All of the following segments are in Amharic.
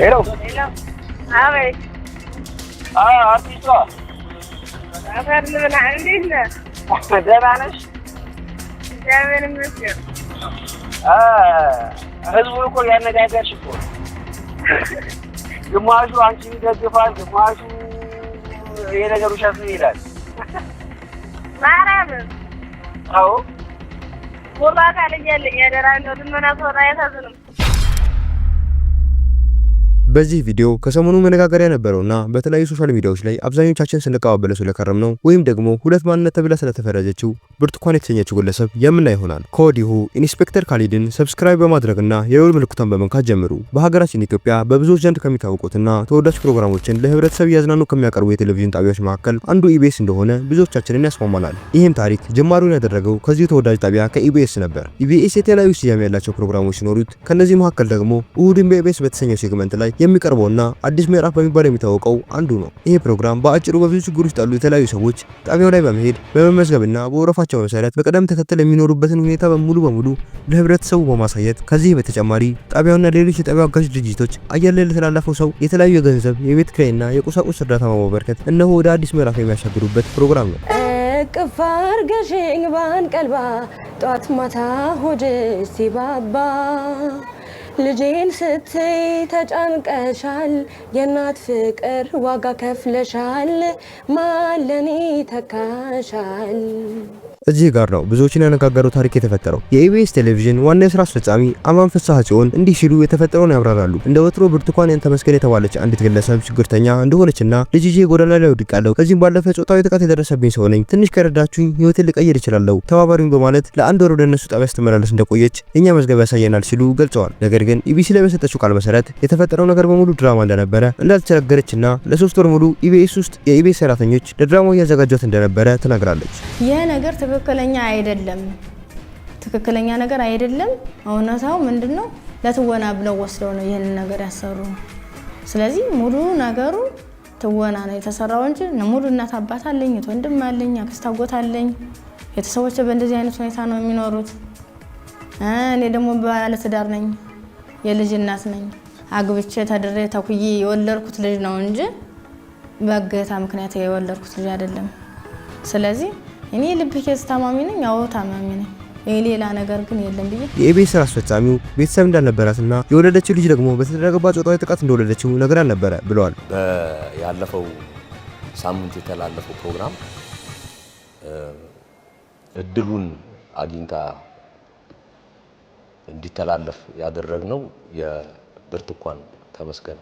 Hello hello હા ભાઈ હા આર્તિશો అసలు అందిందా ህዝቡ እኮ ያነጋገርሽ እኮ ግማሹ አንቺ ይደግፋል፣ ግማሹ ይሄ ነገሩ ይላል። ማርያም አዎ ጉራ ካልኛለኝ ያደራ እንደው ድመና ሶራ አያሳዝንም። በዚህ ቪዲዮ ከሰሞኑ መነጋገሪያ ነበረውና በተለያዩ ሶሻል ሚዲያዎች ላይ አብዛኞቻችን ስንቀባበለ ስለከረም ነው ወይም ደግሞ ሁለት ማንነት ተብላ ስለተፈረጀችው ብርቱካን የተሰኘችው ግለሰብ የምና ይሆናል። ከወዲሁ ኢንስፔክተር ካሊድን ሰብስክራይብ በማድረግና የውል ምልክቷን በመንካት ጀምሩ። በሀገራችን ኢትዮጵያ በብዙዎች ዘንድ ከሚታወቁትና ተወዳጅ ፕሮግራሞችን ለህብረተሰብ እያዝናኑ ከሚያቀርቡ የቴሌቪዥን ጣቢያዎች መካከል አንዱ ኢቢኤስ እንደሆነ ብዙዎቻችንን ያስማማናል። ይህም ታሪክ ጅማሪውን ያደረገው ከዚሁ ተወዳጅ ጣቢያ ከኢቢኤስ ነበር። ኢቢኤስ የተለያዩ ስያሜ ያላቸው ፕሮግራሞች ሲኖሩት ከእነዚህ መካከል ደግሞ እሁድን በኢቢኤስ በተሰኘው ሴግመንት ላይ የሚቀርበውና አዲስ ምዕራፍ በሚባል የሚታወቀው አንዱ ነው። ይሄ ፕሮግራም በአጭሩ በብዙ ችግር ውስጥ ያሉ የተለያዩ ሰዎች ጣቢያው ላይ በመሄድ በመመዝገብና በወረፋቸው መሰረት በቅደም ተከተል የሚኖሩበትን ሁኔታ በሙሉ በሙሉ ለህብረተሰቡ በማሳየት ከዚህ በተጨማሪ ጣቢያውና ሌሎች የጣቢያው አጋዥ ድርጅቶች አየር ላይ ለተላለፈው ሰው የተለያዩ የገንዘብ የቤት ክራይና የቁሳቁስ እርዳታ በማበርከት እነሆ ወደ አዲስ ምዕራፍ የሚያሻግሩበት ፕሮግራም ነው። እቅፍ አርገሽኝ ባንቀልባ ጧት ማታ ሆድ ሲባባ ልጄን ስትይ ተጨንቀሻል፣ የእናት ፍቅር ዋጋ ከፍለሻል፣ ማለኔ ተካሻል እዚህ ጋር ነው ብዙዎችን ያነጋገረው ታሪክ የተፈጠረው። የኢቢኤስ ቴሌቪዥን ዋና የስራ አስፈጻሚ አማን ፍስሐ ሲሆን እንዲህ ሲሉ የተፈጠረውን ያብራራሉ። እንደ ወትሮ ብርቱካን ተመስገን የተባለች አንዲት ግለሰብ ችግርተኛ እንደሆነችና ልጅ ይዤ ጎዳና ላይ ወድቃለሁ፣ ከዚህም ባለፈ ጾታዊ ጥቃት የደረሰብኝ ሰው ነኝ፣ ትንሽ ከረዳችሁኝ ህይወቴን ልቀይር እችላለሁ፣ ተባባሪኝ በማለት ለአንድ ወር ወደ እነሱ ጣቢያ ስትመላለስ እንደቆየች እኛ መዝገብ ያሳየናል ሲሉ ገልጸዋል። ነገር ግን ኢቢሲ ላይ በሰጠችው ቃል መሰረት የተፈጠረው ነገር በሙሉ ድራማ እንደነበረ እንዳልተቸገረችና ለሶስት ወር ሙሉ ኢቢኤስ ውስጥ የኢቢኤስ ሰራተኞች ለድራማው እያዘጋጇት እንደነበረ ተናግራለች። ይህ ነገር ትክክለኛ አይደለም፣ ትክክለኛ ነገር አይደለም። እውነታው ምንድን ነው? ለትወና ብለው ወስደው ነው ይህንን ነገር ያሰሩ። ስለዚህ ሙሉ ነገሩ ትወና ነው የተሰራው እንጂ ሙሉ እናት አባት አለኝ፣ ወንድም አለኝ፣ አክስት አጎት አለኝ። ቤተሰቦች በእንደዚህ አይነት ሁኔታ ነው የሚኖሩት። እኔ ደግሞ ባለትዳር ነኝ፣ የልጅ እናት ነኝ። አግብቼ ተድሬ ተኩዬ የወለድኩት ልጅ ነው እንጂ በእገታ ምክንያት የወለድኩት ልጅ አይደለም። ስለዚህ እኔ ልብ ኬዝ ታማሚ ነኝ። አዎ ታማሚ ነኝ። የሌላ ነገር ግን የለም ብዬ የኢቢኤስ ስራ አስፈጻሚው ቤተሰብ እንዳልነበራትና የወለደችው ልጅ ደግሞ በተደረገባት ጾታዊ ጥቃት እንደወለደችው ነገር አልነበረ ብለዋል። ያለፈው ሳምንት የተላለፈው ፕሮግራም እድሉን አግኝታ እንዲተላለፍ ያደረግነው የብርቱካን ተመስገን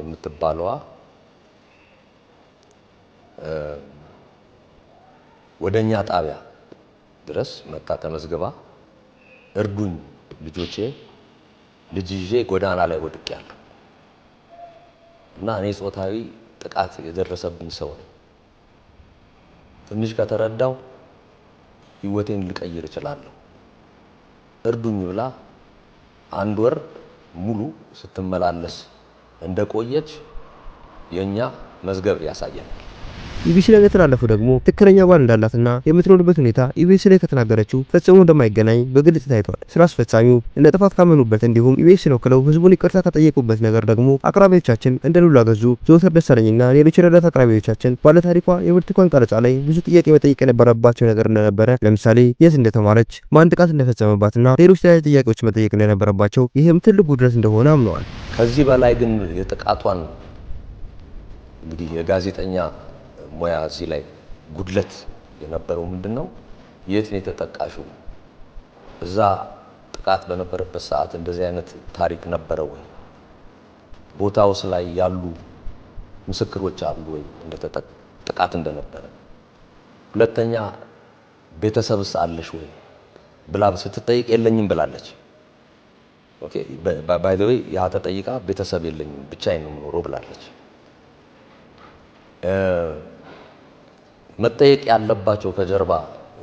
የምትባለዋ ወደ እኛ ጣቢያ ድረስ መጣ ተመዝግባ እርዱኝ ልጆቼ ልጅ ይዤ ጎዳና ላይ ያለ እና እኔ ጾታዊ ጥቃት የደረሰብኝ ሰው ነው። ትንሽ ከተረዳው ህይወቴን ልቀይር እችላለሁ። እርዱኝ ብላ አንድ ወር ሙሉ ስትመላለስ እንደቆየች የእኛ መዝገብ ያሳየናል። ኢቢሲ ላይ የተላለፈው ደግሞ ትክክለኛ ባል እንዳላትና የምትኖርበት ሁኔታ ኢቢሲ ላይ ከተናገረችው ፈጽሞ እንደማይገናኝ በግልጽ ታይቷል። ስራ አስፈጻሚው እንደ ጥፋት ካመኑበት እንዲሁም ኢቢኤስን ወክለው ህዝቡን ይቅርታ ከጠየቁበት ነገር ደግሞ አቅራቢዎቻችን እንደ ሉላ ገዙ፣ ዘወትር ደሳለኝና ሌሎች ረዳት አቅራቢዎቻችን ባለታሪኳ የብርቱካን ቀረጻ ላይ ብዙ ጥያቄ መጠየቅ የነበረባቸው ነገር እንደነበረ ለምሳሌ የት እንደተማረች፣ ማን ጥቃት እንደፈጸመባትና ሌሎች ተያያዥ ጥያቄዎች መጠየቅ እንደነበረባቸው ይህም ትልቁ ድረስ እንደሆነ አምነዋል። ከዚህ በላይ ግን የጥቃቷን እንግዲህ የጋዜጠኛ ሙያ እዚህ ላይ ጉድለት የነበረው ምንድን ነው? የት ነው የተጠቃሽው? እዛ ጥቃት በነበረበት ሰዓት እንደዚህ አይነት ታሪክ ነበረ ወይ? ቦታውስ ላይ ያሉ ምስክሮች አሉ ወይ ጥቃት እንደነበረ? ሁለተኛ ቤተሰብስ አለሽ ወይ ብላ ስትጠይቅ የለኝም ብላለች። ኦኬ ባይ ዘ ወይ ያ ተጠይቃ ቤተሰብ የለኝም ብቻዬን ነው የምኖረው ብላለች። መጠየቅ ያለባቸው ከጀርባ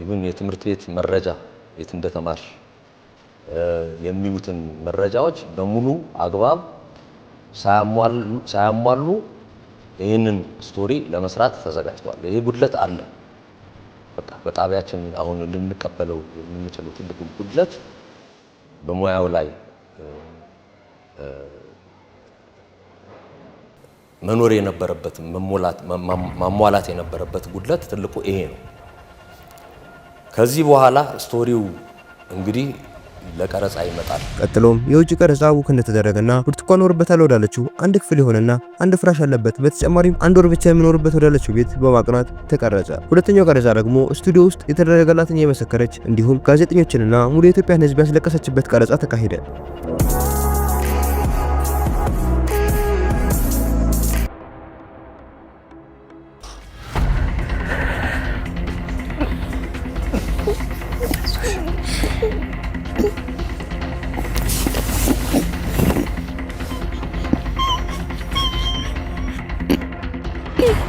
ይሁን የትምህርት ቤት መረጃ የት እንደተማር የሚሉትን መረጃዎች በሙሉ አግባብ ሳያሟሉ ይህንን ስቶሪ ለመስራት ተዘጋጅቷል። ይህ ጉድለት አለ። በቃ በጣቢያችን አሁን ልንቀበለው የምንችለው ትልቁ ጉድለት በሙያው ላይ መኖር የነበረበት ማሟላት የነበረበት ጉድለት ትልቁ ይሄ ነው። ከዚህ በኋላ ስቶሪው እንግዲህ ለቀረጻ ይመጣል። ቀጥሎም የውጭ ቀረጻ ውክ እንደተደረገና ብርቱካን ኖርበታል ወዳለችው አንድ ክፍል የሆነና አንድ ፍራሽ ያለበት በተጨማሪም አንድ ወር ብቻ የሚኖርበት ወዳለችው ቤት በማቅናት ተቀረጸ። ሁለተኛው ቀረጻ ደግሞ ስቱዲዮ ውስጥ የተደረገላትን የመሰከረች እንዲሁም ጋዜጠኞችንና ሙሉ የኢትዮጵያን ሕዝብ ያስለቀሰችበት ቀረጻ ተካሄደ።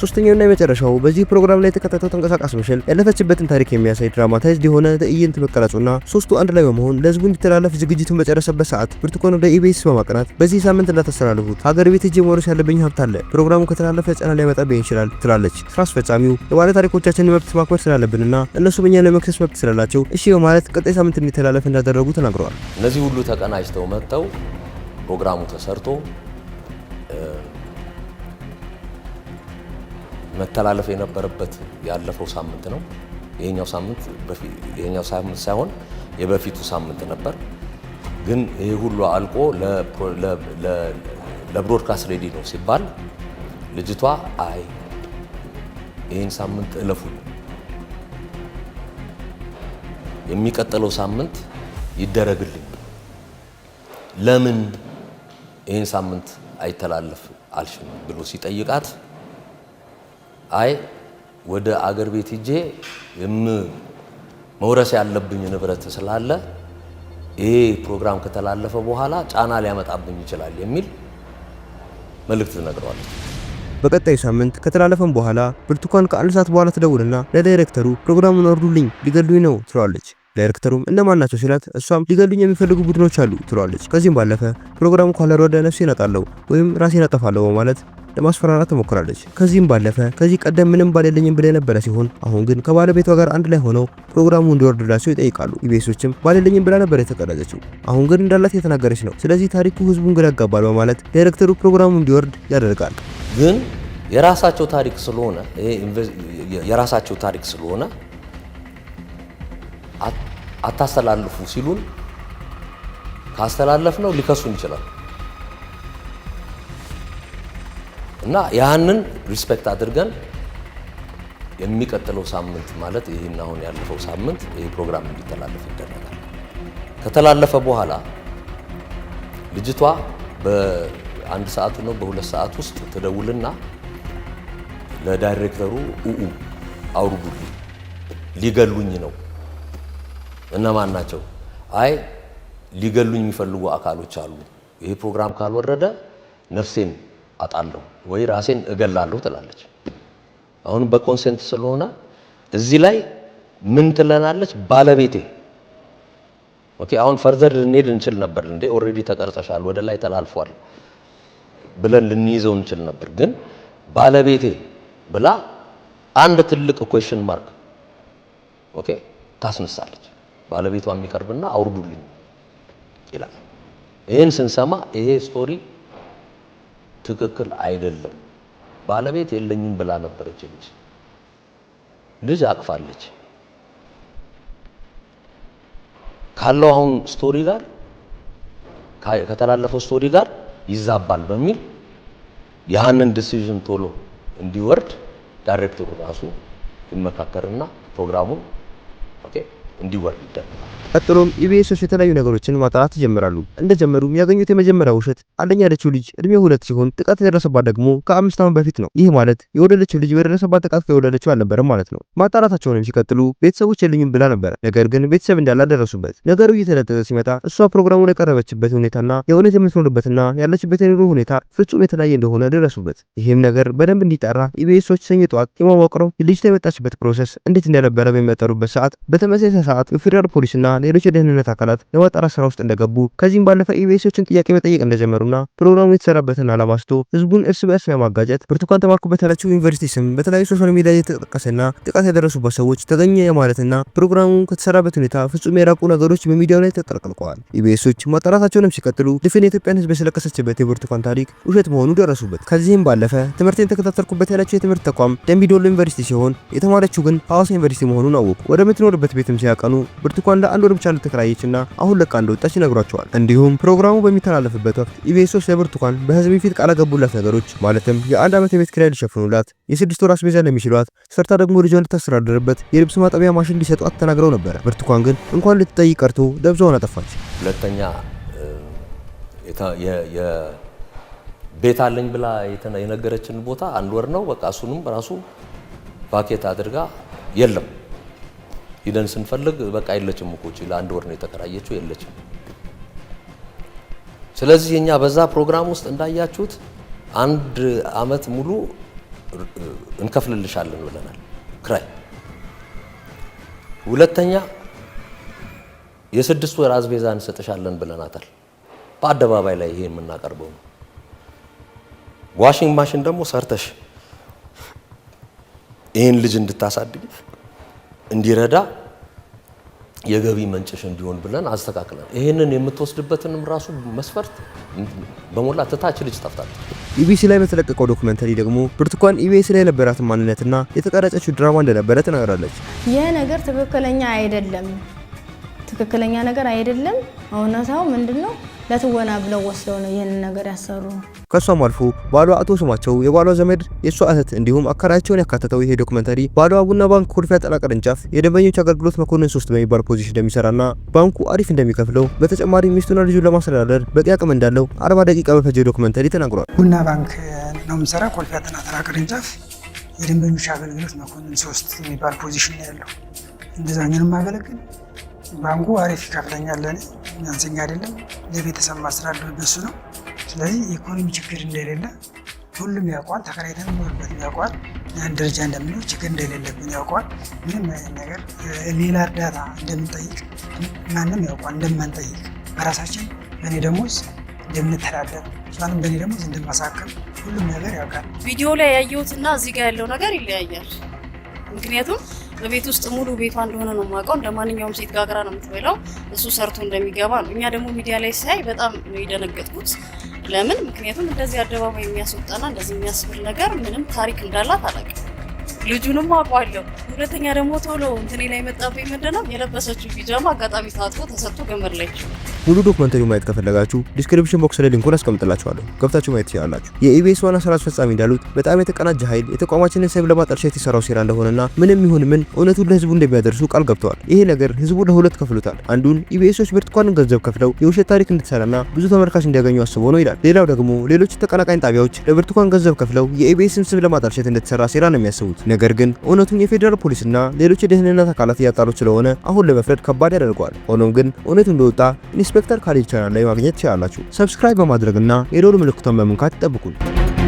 ሶስተኛውና የመጨረሻው በዚህ ፕሮግራም ላይ የተከታተው ተንቀሳቃሽ ምስል ያለፈችበትን ታሪክ የሚያሳይ ድራማታይዝድ የሆነ ትዕይንት መቀረጹና ሶስቱ አንድ ላይ በመሆን ለህዝቡ እንዲተላለፍ ዝግጅቱን በጨረሰበት ሰዓት ብርቱካን ወደ ኢቢኤስ በማቅናት በዚህ ሳምንት እንዳታስተላልፉት ሀገር ቤት ሄጄ መውረስ ያለብኝ ሀብት አለ፣ ፕሮግራሙ ከተላለፈ ጫና ሊያመጣብኝ ይችላል ትላለች። ስራ አስፈጻሚው የባለ ታሪኮቻችን መብት ማክበር ስላለብንና እነሱ በእኛ ለመክሰስ መብት ስላላቸው እሺ በማለት ቀጣይ ሳምንት እንዲተላለፍ እንዳደረጉ ተናግረዋል። እነዚህ ሁሉ ተቀናጅተው መጥተው ፕሮግራሙ ተሰርቶ መተላለፍ የነበረበት ያለፈው ሳምንት ነው። ይሄኛው ሳምንት ይሄኛው ሳምንት ሳይሆን የበፊቱ ሳምንት ነበር። ግን ይህ ሁሉ አልቆ ለብሮድካስት ሬዲ ነው ሲባል ልጅቷ አይ ይህን ሳምንት እለፉ፣ የሚቀጥለው ሳምንት ይደረግልኝ፣ ለምን ይህን ሳምንት አይተላለፍ አልሽም ብሎ ሲጠይቃት አይ ወደ አገር ቤት ሂጄ መውረስ ያለብኝ ንብረት ስላለ ይሄ ፕሮግራም ከተላለፈ በኋላ ጫና ሊያመጣብኝ ይችላል የሚል መልእክት ትነግረዋለች። በቀጣይ ሳምንት ከተላለፈም በኋላ ብርቱካን ከአንድ ሰዓት በኋላ ትደውልና ለዳይሬክተሩ ፕሮግራሙን ወርዱልኝ ሊገሉኝ ነው ትለዋለች። ዳይሬክተሩም እነማን ናቸው ሲላት እሷም ሊገሉኝ የሚፈልጉ ቡድኖች አሉ ትሏለች። ከዚህም ባለፈ ፕሮግራሙ ካላልወደ ነፍሴን አጣለሁ ወይም ራሴን አጠፋለሁ በማለት ለማስፈራራት ትሞክራለች። ከዚህም ባለፈ ከዚህ ቀደም ምንም ባል የለኝም ብላ የነበረ ሲሆን አሁን ግን ከባለቤቷ ጋር አንድ ላይ ሆነው ፕሮግራሙ እንዲወርድላቸው ይጠይቃሉ። ኢቤሶችም ባል የለኝም ብላ ነበር የተቀረጸችው፣ አሁን ግን እንዳላት የተናገረች ነው። ስለዚህ ታሪኩ ህዝቡን ግራ ያጋባል በማለት ዳይሬክተሩ ፕሮግራሙ እንዲወርድ ያደርጋል። ግን የራሳቸው ታሪክ ስለሆነ የራሳቸው ታሪክ ስለሆነ አታስተላልፉ ሲሉን ካስተላለፍ ነው ሊከሱን ይችላል እና ያንን ሪስፔክት አድርገን የሚቀጥለው ሳምንት ማለት ይህን አሁን ያለፈው ሳምንት ይህ ፕሮግራም እንዲተላለፍ ይደረጋል። ከተላለፈ በኋላ ልጅቷ በአንድ ሰዓቱ ነው በሁለት ሰዓት ውስጥ ትደውልና ለዳይሬክተሩ ኡኡ አውርዱልኝ ሊገሉኝ ነው እነማን ናቸው? አይ ሊገሉኝ የሚፈልጉ አካሎች አሉ፣ ይህ ፕሮግራም ካልወረደ ነፍሴን አጣለሁ ወይ ራሴን እገላለሁ ትላለች። አሁን በኮንሰንት ስለሆነ እዚህ ላይ ምን ትለናለች? ባለቤቴ ኦኬ። አሁን ፈርዘር ልንሄድ እንችል ነበር እንዴ ኦልሬዲ ተቀርጸሻል፣ ወደ ላይ ተላልፏል ብለን ልንይዘው እንችል ነበር። ግን ባለቤቴ ብላ አንድ ትልቅ ኩዌሽን ማርክ ኦኬ ታስነሳለች። ባለቤቷ የሚቀርብና አውርዱልኝ ይላል። ይህን ስንሰማ ይሄ ስቶሪ ትክክል አይደለም። ባለቤት የለኝም ብላ ነበረች ልጅ ልጅ አቅፋለች። ካለው አሁን ስቶሪ ጋር ከተላለፈው ስቶሪ ጋር ይዛባል በሚል ያንን ዲሲዥን ቶሎ እንዲወርድ ዳይሬክተሩ ራሱ ይመካከርና ፕሮግራሙን እንዲወርድ ይደረጋል። ቀጥሎም ኢቢኤሶች የተለያዩ ነገሮችን ማጣራት ይጀምራሉ። እንደጀመሩ የሚያገኙት የመጀመሪያ ውሸት አንደኛ ያለችው ልጅ እድሜው ሁለት ሲሆን ጥቃት የደረሰባት ደግሞ ከአምስት ዓመት በፊት ነው። ይህ ማለት የወለደችው ልጅ በደረሰባት ጥቃት ከወለደችው አልነበረም ማለት ነው። ማጣራታቸውንም ሲቀጥሉ ቤተሰቦች የልኝም ብላ ነበር፣ ነገር ግን ቤተሰብ እንዳላደረሱበት ነገሩ እየተለጠጠ ሲመጣ እሷ ፕሮግራሙን የቀረበችበት ሁኔታና የእውነት የምትኖርበትና ያለችበት የኑሮ ሁኔታ ፍጹም የተለያየ እንደሆነ ደረሱበት። ይህም ነገር በደንብ እንዲጣራ ኢቢኤሶች ሰኞ ጠዋት የማዋቅረው ልጅቷ የመጣችበት ፕሮሰስ እንዴት እንደነበረ በሚመጠሩበት ሰዓት በተመሳሳይ ሰዓት የፌዴራል ፖሊስና ሌሎች የደህንነት አካላት ለማጣራት ስራ ውስጥ እንደገቡ ከዚህም ባለፈ ኢቢኤሶችን ጥያቄ መጠየቅ እንደጀመሩና ፕሮግራሙ የተሰራበትን ዓላማ ስቶ ህዝቡን እርስ በእርስ ለማጋጨት ብርቱካን ተማርኩ ያለችው ዩኒቨርሲቲ ስም በተለያዩ ሶሻል ሚዲያ የተጠቀሰና ጥቃት ያደረሱበት ሰዎች ተገኘ የማለትና ፕሮግራሙ ከተሰራበት ሁኔታ ፍጹም የራቁ ነገሮች በሚዲያው ላይ ተጠርቅልቀዋል። ኢቢኤሶች ማጣራታቸውንም ሲቀጥሉ ድፍን የኢትዮጵያን ህዝብ የሰለቀሰችበት የብርቱካን ታሪክ ውሸት መሆኑ ደረሱበት። ከዚህም ባለፈ ትምህርቴን ተከታተልኩበት ያለችው የትምህርት ተቋም ደምቢዶሎ ዩኒቨርሲቲ ሲሆን የተማረችው ግን ሐዋሳ ዩኒቨርሲቲ መሆኑን አወቁ። ወደ ምትኖርበት ቤትም ሲያ በቀኑ ብርቱካን ለአንድ ወር ብቻ እንደተከራየችና አሁን ለቃ እንደወጣች ይነግሯቸዋል። እንዲሁም ፕሮግራሙ በሚተላለፍበት ወቅት ኢቢኤሶች ለብርቱካን በህዝብ ፊት ቃል ገቡላት ነገሮች ማለትም የአንድ ዓመት የቤት ኪራይ ሊሸፍኑላት፣ የስድስት ወር አስቤዛ ለሚችሏት፣ ሰርታ ደግሞ ልጇ እንድታስተዳድርበት የልብስ ማጠቢያ ማሽን እንዲሰጧት ተናግረው ነበረ። ብርቱካን ግን እንኳን ልትጠይቅ ቀርቶ ደብዛውን አጠፋች። ሁለተኛ ቤት አለኝ ብላ የነገረችን ቦታ አንድ ወር ነው በቃ እሱንም ራሱ ባኬት አድርጋ የለም ሂደን ስንፈልግ በቃ የለችም እኮ ለአንድ ወር ነው የተከራየችው፣ የለችም። ስለዚህ እኛ በዛ ፕሮግራም ውስጥ እንዳያችሁት አንድ አመት ሙሉ እንከፍልልሻለን ብለናል ክራይ። ሁለተኛ የስድስት ወር አዝቤዛ እንሰጥሻለን ብለናታል። በአደባባይ ላይ ይሄ የምናቀርበው ነው። ዋሽንግ ማሽን ደግሞ ሰርተሽ ይህን ልጅ እንድታሳድግ እንዲረዳ የገቢ መንጨሽ እንዲሆን ብለን አስተካክለን ይህንን የምትወስድበትንም ራሱ መስፈርት በሞላ ትታች ልጅ ጠፍታለች። ኢቢሲ ላይ በተለቀቀው ዶክመንተሪ ደግሞ ብርቱካን ኢቢኤስ ላይ የነበራትን ማንነትና የተቀረጸችው ድራማ እንደነበረ ትነግራለች። ይህ ነገር ትክክለኛ አይደለም ትክክለኛ ነገር አይደለም። እውነታው ምንድን ነው? ለትወና ብለው ወስደው ነው ይህንን ነገር ያሰሩ። ከእሷም አልፎ ባሏ አቶ ስማቸው፣ የባሏ ዘመድ፣ የእሷ እህት እንዲሁም አካላቸውን ያካተተው ይሄ ዶክመንተሪ ባሏ ቡና ባንክ ኮልፌ አጠና ቅርንጫፍ የደንበኞች አገልግሎት መኮንን ሶስት በሚባል ፖዚሽን እንደሚሰራና ባንኩ አሪፍ እንደሚከፍለው በተጨማሪ ሚስቱና ልጁን ለማስተዳደር በቂ አቅም እንዳለው አርባ ደቂቃ በፈጀ ዶክመንተሪ ተናግሯል። ቡና ባንክ ነው የምሰራ ኮልፌ አጠና ቅርንጫፍ የደንበኞች አገልግሎት መኮንን ሶስት የሚባል ፖዚሽን ያለው ነው አገለግል ባንኩ አሪፍ ይከፍለኛል። ለእኔ ያንሰኛ አይደለም፣ ለቤተሰብ ማስተዳደር በሱ ነው። ስለዚህ የኢኮኖሚ ችግር እንደሌለ ሁሉም ያውቋል። ተከራይተን ኖርበት ያውቋል። ያን ደረጃ እንደምንሆን ችግር እንደሌለብን ያውቋል። ምንም አይነት ነገር ሌላ እርዳታ እንደምንጠይቅ ማንም ያውቋል። እንደማንጠይቅ በራሳችን በእኔ ደሞዝ እንደምንተዳደር እሷንም በእኔ ደሞዝ እንደማሳከም ሁሉም ነገር ያውቃል። ቪዲዮ ላይ ያየሁትና እዚህ ጋር ያለው ነገር ይለያያል። ምክንያቱም በቤት ውስጥ ሙሉ ቤቷ እንደሆነ ነው የማውቀው። እንደ ማንኛውም ሴት ጋግራ ነው የምትበላው። እሱ ሰርቶ እንደሚገባ ነው። እኛ ደግሞ ሚዲያ ላይ ሳይ በጣም የደነገጥኩት ለምን? ምክንያቱም እንደዚህ አደባባይ የሚያስወጣና እንደዚህ የሚያስብል ነገር ምንም ታሪክ እንዳላት አላውቅም። ልጁንም አውቀዋለሁ። ሁለተኛ ደግሞ ቶሎ እንትኔ ላይ መጣብኝ። ምንድነው የለበሰችው ቢጃማ አጋጣሚ ታጥቆ ተሰጥቶ ገመድ ላይች ሙሉ ዶክመንተሪው ማየት ከፈለጋችሁ ዲስክሪፕሽን ቦክስ ላይ ሊንኩን አስቀምጥላችኋለሁ ገብታችሁ ማየት ትችላላችሁ። የኢቢኤስ ዋና ስራ አስፈጻሚ እንዳሉት በጣም የተቀናጀ ኃይል የተቋማችንን ሰብለ ለማጠልሸት የሰራው ሴራ እንደሆነና ምንም ይሁን ምን እውነቱን ለህዝቡ እንደሚያደርሱ ቃል ገብተዋል። ይሄ ነገር ህዝቡ ለሁለት ከፍሎታል። አንዱን ኢቢኤሶች ብርቱካንን ገንዘብ ከፍለው የውሸት ታሪክ እንድትሰራና ብዙ ተመልካች እንዲያገኙ አስቦ ነው ይላል። ሌላው ደግሞ ሌሎች ተቀናቃኝ ጣቢያዎች ለብርቱካን ገንዘብ ከፍለው የኢቢኤስን ስም ለማጠልሸት እንድትሰራ ሴራ ነው የሚያስቡት። ነገር ግን እውነቱን የፌዴራል ፖሊስና ሌሎች የደህንነት አካላት እያጣሩ ስለሆነ አሁን ለመፍረድ ከባድ ያደርገዋል። ሆኖም ግን እውነቱ እንደወጣ ኢንስፔክተር ካሌድ ቻናል ላይ ማግኘት ትችላላችሁ። ሰብስክራይብ በማድረግና የደወል ምልክቷን በመንካት ይጠብቁን።